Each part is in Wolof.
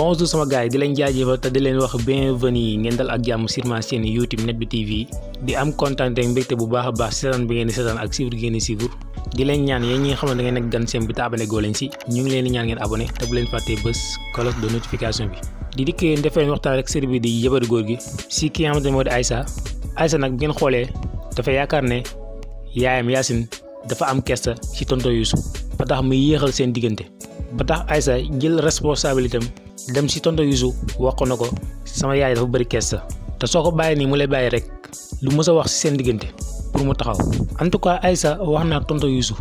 bonjour sama gars yi di leen jaajëfal te di leen wax bienvenue ngeen dal ak jàmm sûrement seen YouTube Net Bi TV di am kontaan te mbégte bu baax a baax seetaan bi ngeen di ak suivre ngeen di di leen ñaan yéen ñi nga xam nekk gan seen bi te abonné goo leen ñu ngi leen ñaan ngeen abonné te bu leen fàttee bés cloche de notification bi di dikkee defee waxtaan rek série di jabaru góor gi si ki nga moo di Aïssa Aïssa nag bi ngeen xoolee dem si tonton Youssou wax ko na ko sama yaay dafa bëri kees sa te soo ko bàyyi nii mu lay bàyyi rek lu mës wax si seen diggante pour mu taxaw en tout cas Aïssa wax naa tonton Youssou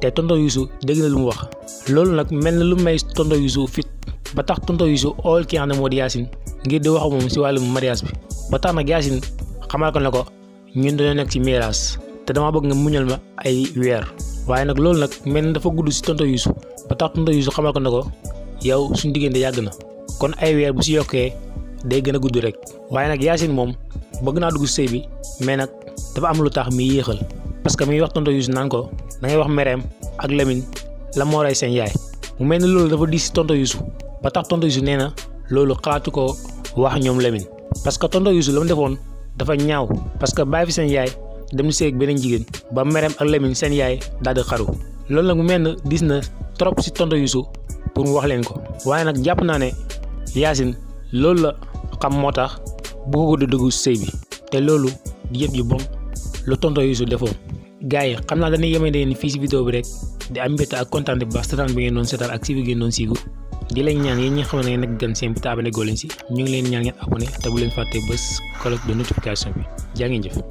te tonton Youssou dégg na lu mu wax loolu nag mel na lu may tonton Youssou fit ba tax tonton Youssou ool ki nga xam ne ngir di waxu moom si wàllum mariage bi ba tax nag Yacine xamal ko ne ko ñun dañoo nekk ci miraas te dama bëgg nga muñal ma ay weer waaye nag loolu nag mel na dafa gudd si tonton Youssou ba tax tonton Youssou xamal ko ne ko yow suñu diggante yàgg na kon ay weer bu si yokkee day gën a gudd rek waaye nag Yacine moom bëgg naa dugg sëy bi mais nag dafa am lu tax mi yéexal parce que mi wax tonton Youssou naan ko da wax mereem ak Lamine la moo rey seen yaay mu mel ne loolu dafa diis si tonton Youssou ba tax tonton Youssou nee na loolu xalaatu ko wax ñoom Lamine parce que tonton Youssou la mu defoon dafa ñaaw parce que bàyyi fi seen yaay dem di seeg beneen jigéen ba mereem ak Lamine seen yaay daal di xaru loolu nag mu mel ne diis na trop si tonton Youssou pour mu wax leen ko Yacine loolu la xam moo tax bëgg ko di dugg sëy bi te loolu di yëpp yu bon lu tonton Youssou defoon gars yi xam naa dañuy yemandee ni fii si vidéo bi rek di am mbégte ak kontaan bu baax seetaan bi ngeen doon seetaan ak si bi ngeen doon siigu di leen ñaan yéen ñi nga xam ne ngeen gan seen bi te abonné goo si ñu ngi leen ñaan ngeen abonné te bu leen fàtte bés cloche de notification bi jaa jëf